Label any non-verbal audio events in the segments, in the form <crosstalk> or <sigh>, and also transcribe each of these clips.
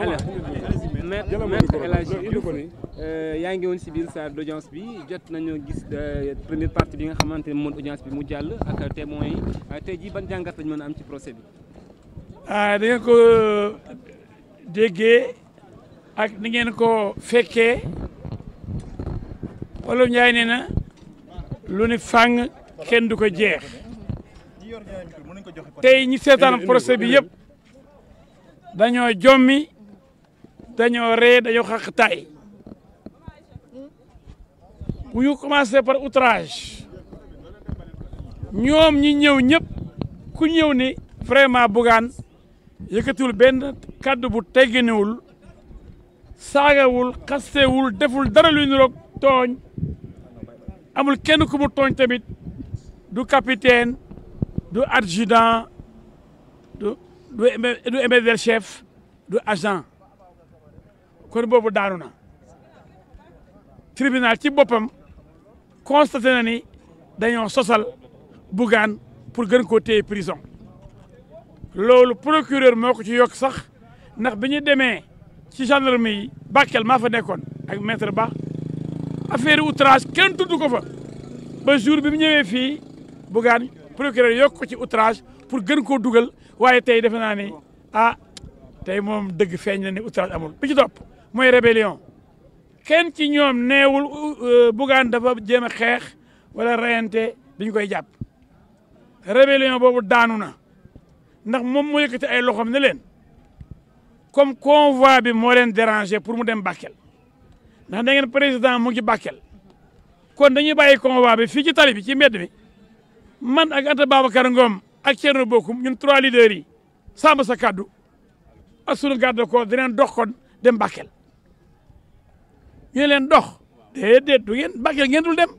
alors euh, yaa ngi woon si biir salle d' audience bi jot nañu gis euh, première partie bi nga xamante ne moom audience bi mu jàll ak témoins yi euh, tey jii ban jàngat lañu mën a am ci procès bi. ah ko déggee ak ni ngeen ko fekkee wolof Njaay nee na lu ne fàng kenn du ko jeex tey ñi seetaan procès bi yëpp dañoo jommi. dañoo ree dañoo xaq tay bu ñu commencé par outrage ñoom ñi ñëw ñëpp ku ñëw ni vraiment Bougane yëkkatiwul benn kàddu bu tegginewul saagawul xastewul deful dara lu ñu tooñ amul kenn ku mu tooñ tamit du capitaine du adjudant du du du chef du agent kon boobu daanu na tribunal ci boppam constaté na ni dañoo sosal Bougane pour gën koo téye prison loolu procureur moo ko ci yokk sax ndax bi ñu demee ci gendarme yi Bakel maa fa nekkoon ak metre Ba affaire outrage kenn tudd ko fa ba jour bi mu ñëwee fii Bougane procureur yokk ko ci outrage pour gën koo dugal waaye tey defe naa ni ah tey moom dëgg feeñ na ne outrage amul ci topp moy rébellion kenn ci ñom néwul euh, euh, Bougane dafa jëm a wala reyante biñ koy japp rébellion bobu daanu na ndax mom mo yëkati ay loxoom ne leen comme convoi bi mo leen déranger pour mu dem Bakel ndax da ngeen président mu ngi Bakel kon dañuy bàyyi convoi bi fi ci tali bi ci mbedd mi man ak Anta Babacar Ngom ak Thierno Bocoum ñun trois leaders yi sàmm sa kaddu ak sunu ko dinañ dox kon dem Bakel ñu leen dox déedéet du ngeen Bakel ngeen dul dem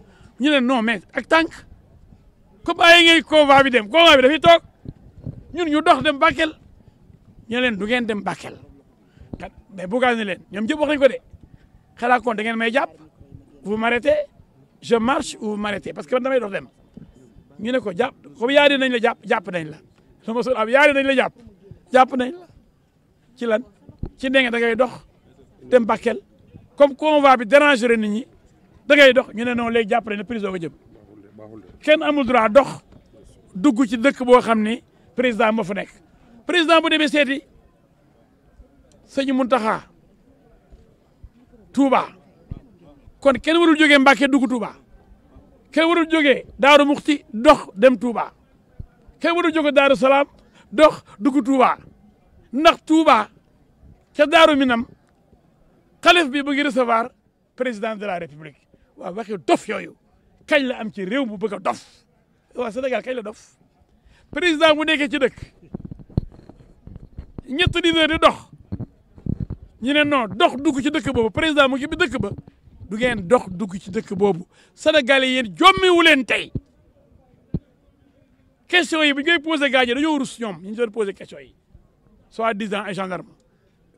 ñu leen non mais ak tànk ko bàyyi ngay convoi bi dem convoi bi dafay toog ñun ñu dox dem Bakel ñu leen du ngeen dem Bakel kat mais bugaas ni leen ñoom ñëpp wax nañu ko de xalaat kon da ngeen may jàpp vous m'arrêtez je marche ou vous parce que man damay dox dem ñu ne ko jàpp comme yaari nañ la jàpp jàpp nañ la sama sol am yaari nañ la jàpp jàpp nañ la ci lan ci ndenge da ngay dox dem Bakel comme convoi bi dérangeré nit ñi da dox ñu ne noonu léegi jàppale ne prison nga jëm kenn amul droit dox dugg ci dëkk boo xam ni président moo fa nekk président bu demee seeti sëñ Muntaxa Touba kon kenn warul jógee Mbàkke dugg Touba kenn warul jógee Daaru Muxti dox dem Touba kenn warul joge Daaru Salaam dox dugg Touba ndax Touba ca Daaru Minam xalif bi mu ngi recevoir président de la république waaw waxi dof yooyu kañ la am ci réew mu bëgg a dof waaw Sénégal kañ la dof président mu nekkee ci dëkk ñetti di dox ñu ne non dox dugg ci dëkk boobu président mu ngi dëkk ba du ngeen dugg ci dëkk boobu Sénégal yi yéen jommiwu leen tey question yi bu ñu koy posé gars yi dañoo rus ñoom ñu doon posé question yi soit disant ay gendarme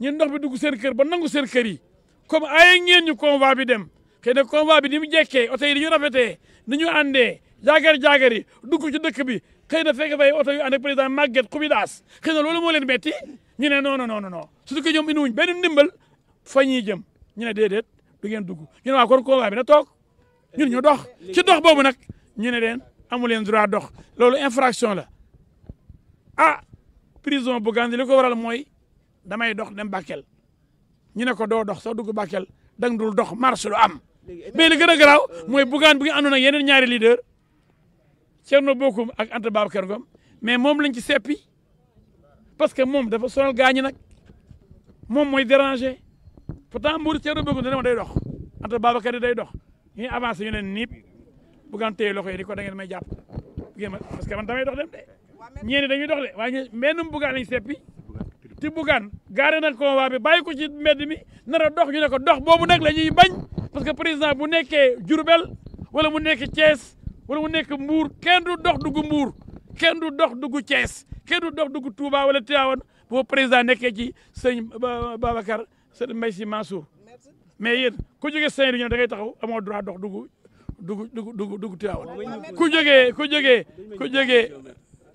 ñun ndox bi dugg seer kër ba nangu seen kër yi comme ay ngeen ñu convoi bi dem xëy na convoi bi ni mu jekkee oto yi ni ñu rafetee ni ñu àndee jaagar-jaagar yi dugg ci dëkk bi xëy na fekk fay oto yu ànd ak président Maguette Koubidas xëy na loolu moo leen metti ñu ne non non non non surtout que ñoom indiwuñ benn ndimbal fa ñuy jëm ñu ne déedéet du ngeen dugg ñu ne waa kon convoi bi na toog ñun ñu dox ci dox boobu nag ñu ne leen amu leen droit dox loolu infraction la ah prison bu gandi li ko waral mooy damay dox dem Bakel ñu ne ko doo dox soo dugg Bakel dang dul dox marche lu am. mais li gën a garaaw euh, mooy Bougane bi nga àndoon ak yeneen ñaari leader Thierno Bocoum ak Anta Babacar Ngom mais moom lañ ci seppi parce que moom dafa sonal gaañi nag moom mooy déranger pourtant Mbour Thierno Bocoum dana ma day dox Anta Babacar yi day dox ñuy avancé ñu leen niip Bougane téye loxo yi di ko da ngeen may jàpp parce que man damay dox dem de ñeeni dañuy dox de waaye ñu mennum Bougane lañ seppi ti Bougane gaare na convoi bi bàyyi ko ci mbedd mi nar a dox ñu ne ko dox boobu nag la ñuy bañ parce que président bu nekkee Diourbel wala mu nekk Thiès wala mu nekk mbuur kenn du dox dugg mbuur kenn du dox dugg cees kenn du dox dugg Touba wala Tivaouane boo président nekkee ci sëñ Babacar sëñ Mbaye Sy Mansour mais yéen ku jógee Saint-Louis da ngay taxaw amoo droit dox dugg dugg dugg dugg Tivaouane ku jógee ku jógee ku jógee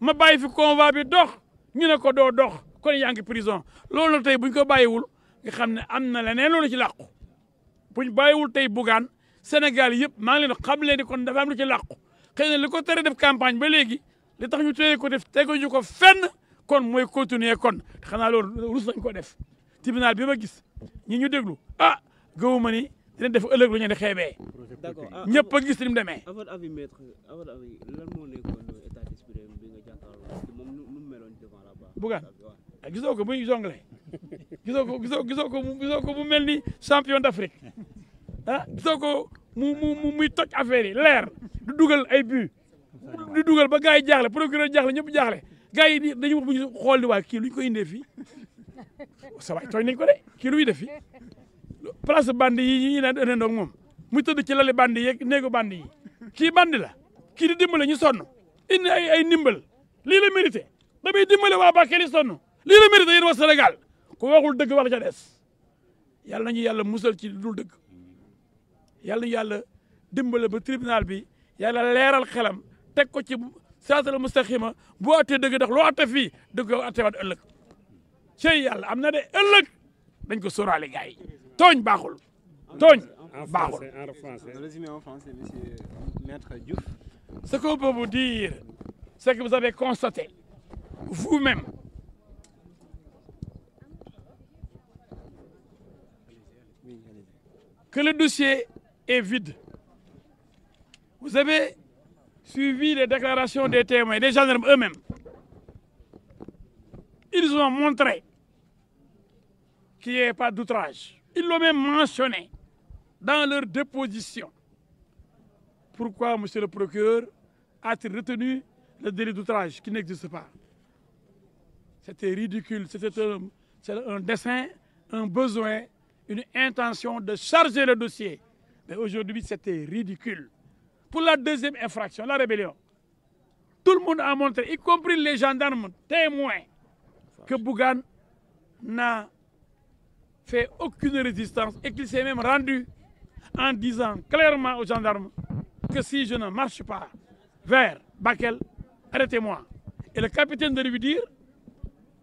ma baye fi convoi bi dox ñu ne ko doo dox kon yaa ngi prison loolu nag tey buñ ko bàyyiwul nga xam ne am na leneen lu ci làqu buñ bàyyiwul tey bugaan Sénégal yëpp maa ngi leen xam leen ni kon dafa am lu ci làqu xëy na li ko tere def campagne ba léegi li tax ñu tere ko def teguñu ko fenn kon mooy continuer kon xanaa loolu rus nañ ko def tribunal bi ma gis ñi ñu déglu ah gëwu ma ni dinañ def ëllëg lu ñu di xeebee ñëpp a gis ni mu demee Bougane ah, gisoo ko muy jongle gisoo ko gisoo gisoo ko gisoo ko mu mel ni champion d'Afrique ah gisoo ko mu mu muy toj affaire yi leer du dugal ay but du dugal ba gars yi jaaxle procureur jaaxle ñëpp jaaxle gars yi dañu wax bu ñu xool di waa kii lu ñu ko indee fii sa waay tooñ nañ ko de kii lu muy def fii place bandi yi ñu naan ëndandoog moom muy tëdd ci lali bandi yeeg néegu bandi yi kii bandi la kii di dimbale ñu sonn indi ay ay ndimbal lii la mérité damay dimbale waa Bakel yi sonn lii la mérité yéen waa Sénégal ku waxul dëgg wax ca des yàlla nañu yàlla musal ci lu dëgg yàlla nañu yàlla dimbale ba tribunal bi yàlla leeral xelam teg ko ci siraatal mustaqiima bu attee dëgg ndax loo atte fii dëgg yow attewaat ëllëg cey yàlla am na de ëllëg dañ ko sóoraale gars yi tooñ baaxul tooñ baaxul en français en français Ce qu'on peut vous dire, c'est que vous avez constaté, vous-même, que le dossier est vide. Vous avez suivi les déclarations des témoins, des gendarmes eux-mêmes. Ils ont montré qu'il n'y ait pas d'outrage. Ils l'ont même mentionné dans leur déposition. Pourquoi, monsieur le procureur, a-t-il retenu le délit d'outrage qui n'existe pas C'était ridicule, c'était un, un, dessein, un besoin, une intention de charger le dossier. Mais aujourd'hui, c'était ridicule. Pour la deuxième infraction, la rébellion, tout le monde a montré, y compris les gendarmes témoins, que Bougan n'a fait aucune résistance et qu'il s'est même rendu en disant clairement aux gendarmes que si je ne marche pas, vers Bakel, arrêtez-moi. Et le capitaine de lui dire,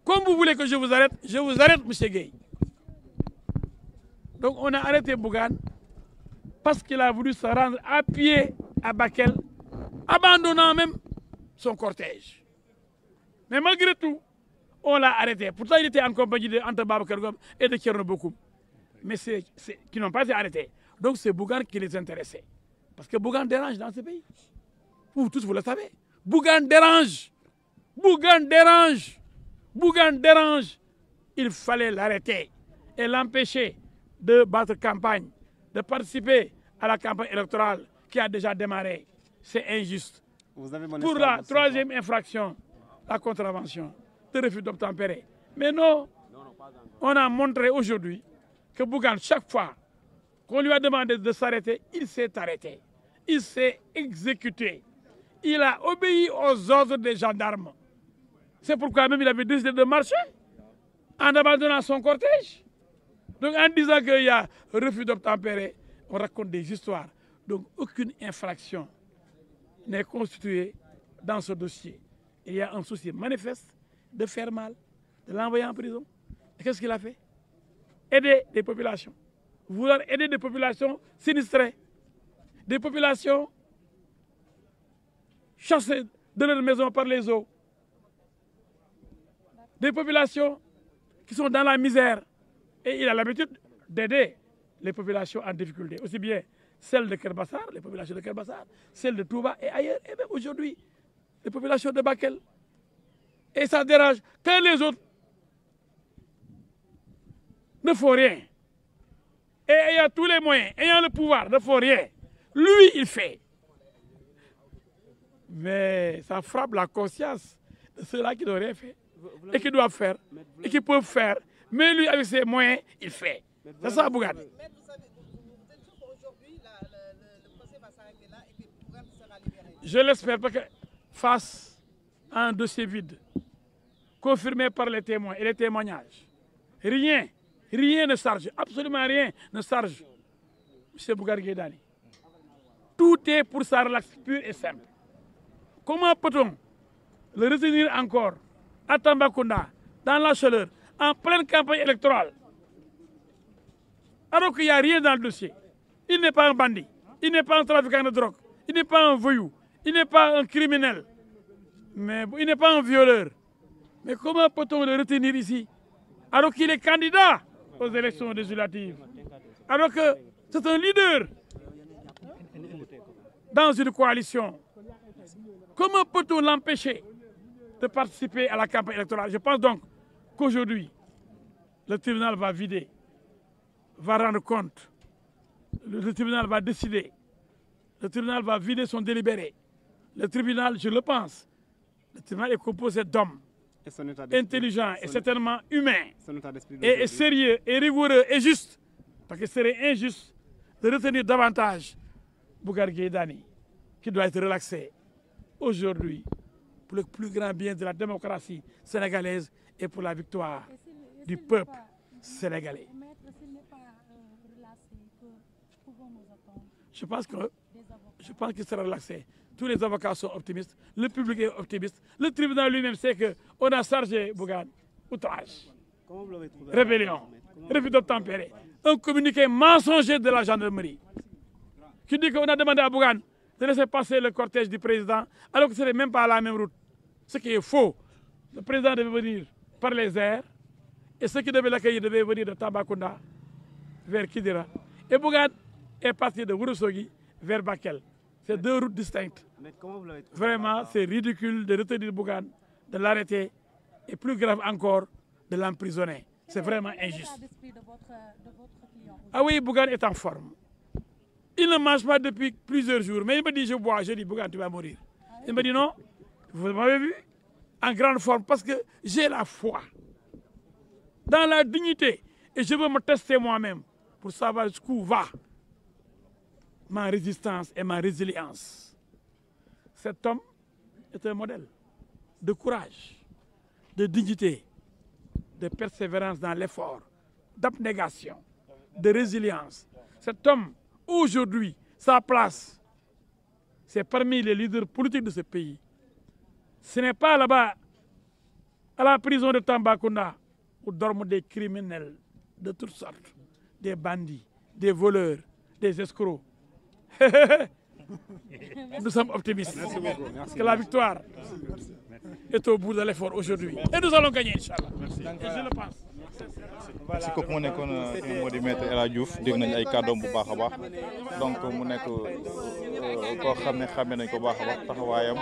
comme vous voulez que je vous arrête, je vous arrête, M. Gay. Donc on a arrêté Bougan parce qu'il a voulu se rendre à pied à Bakel, abandonnant même son cortège. Mais malgré tout, on l'a arrêté. Pourtant, il était en compagnie et de Kierno Bokoum. Mais c'est qui n'ont pas été arrêtés. Donc c'est Bougan qui les intéressait. Parce que Bougan dérange dans ce pays. Vous tous, vous le savez. Bougan dérange. Bougan dérange. Bougan dérange. Il fallait l'arrêter et l'empêcher de battre campagne, de participer à la campagne électorale qui a déjà démarré. C'est injuste. Pour la troisième infraction, la contravention, de refus d'obtempérer. Mais non, on a montré aujourd'hui que Bougan, chaque fois qu'on lui a demandé de s'arrêter, il s'est arrêté. Il s'est exécuté il a obéi aux ordres des gendarmes. C'est pourquoi même il avait décidé de marcher en abandonnant son cortège. Donc en disant qu'il y a refus d'obtempérer, on raconte des histoires. Donc aucune infraction n'est constituée dans ce dossier. Il y a un souci manifeste de faire mal, de l'envoyer en prison. Qu'est-ce qu'il a fait Aider des populations. Vouloir aider des populations sinistrées, des populations chassés de leur maison par les eaux. Des populations qui sont dans la misère. Et il a l'habitude d'aider les populations en difficulté, aussi bien celles de Kerbassar, les populations de Kerbassar, celles de Touba et ailleurs, et même aujourd'hui, les populations de Bakel. Et ça dérange que les autres ne font rien. Et ayant tous les moyens, ayant le pouvoir, ne font rien. Lui, il fait. Mais ça frappe la conscience de ceux-là qui devraient faire et qui doivent faire et qui peuvent faire. Mais lui, avec ses moyens, il fait. C'est ça, Bougane. Je l'espère parce que face à un dossier vide, confirmé par les témoins et les témoignages, rien, rien ne charge, absolument rien ne charge M. Bougar Guédani. Tout est pour sa relaxe pure et simple. Comment peut-on le retenir encore à Tambacounda, dans la chaleur, en pleine campagne électorale, alors qu'il n'y a rien dans le dossier Il n'est pas un bandit, il n'est pas un trafiquant de drogue, il n'est pas un voyou, il n'est pas un criminel, mais il n'est pas un violeur. Mais comment peut-on le retenir ici alors qu'il est candidat aux élections législatives Alors que c'est un leader dans une coalition Comment peut-on l'empêcher de participer à la campagne électorale Je pense donc qu'aujourd'hui, le tribunal va vider, va rendre compte, le, tribunal va décider, le tribunal va vider son délibéré. Le tribunal, je le pense, le tribunal est composé d'hommes intelligents et certainement humains, et, sérieux, et rigoureux, et juste. Parce ce serait injuste de retenir davantage Bougar Dani, qui doit être relaxé aujourd'hui pour le plus grand bien de la démocratie sénégalaise et pour la victoire du peuple euh, sénégalais. Euh, je pense que je pense qu'il sera relaxé. Tous les avocats sont optimistes, le public est optimiste, le tribunal lui-même sait qu'on a chargé Bougan, outrage, rébellion, refus d'obtempérer, un communiqué mensonger de la gendarmerie qui dit qu'on a demandé à Bougan de laisser passer le cortège du président alors que ce n'est même pas la même route. Ce qui est faux. Le président devait venir par les airs et ceux qui devaient l'accueillir devaient venir de Tabakunda vers Kidira. Et Bougan est parti de Wurusogi vers Bakel. C'est deux routes distinctes. Vraiment, c'est ridicule de retenir Bougan de l'arrêter et plus grave encore, de l'emprisonner. C'est vraiment injuste. Ah oui, Bougan est en forme. Il ne mange pas depuis plusieurs jours. Mais il me dit, je bois. Je dis, Bougan, tu vas mourir. Il me dit, non, vous m'avez vu en grande forme parce que j'ai la foi dans la dignité et je veux me tester moi-même pour savoir jusqu'où va ma résistance et ma résilience. Cet homme est un modèle de courage, de dignité, de persévérance dans l'effort, d'abnégation, de résilience. Cet homme aujourd'hui sa place, c'est parmi les leaders politiques de ce pays. Ce n'est pas là-bas, à la prison de Tambacounda, où dorment des criminels de toutes sortes, des bandits, des voleurs, des escrocs. <laughs> Nous sommes optimistes merci que la victoire est au bout de l'effort aujourd'hui. Et nous allons gagner, Inch'Allah. Et je le pense. si kooku mu nekkoon euh, kii moo di maître El Hadj Diouf dégg nañ ay kàddoom bu baax a baax donc mu nekk euh, koo xam ne xame nañ ko baax a baax taxawaayam.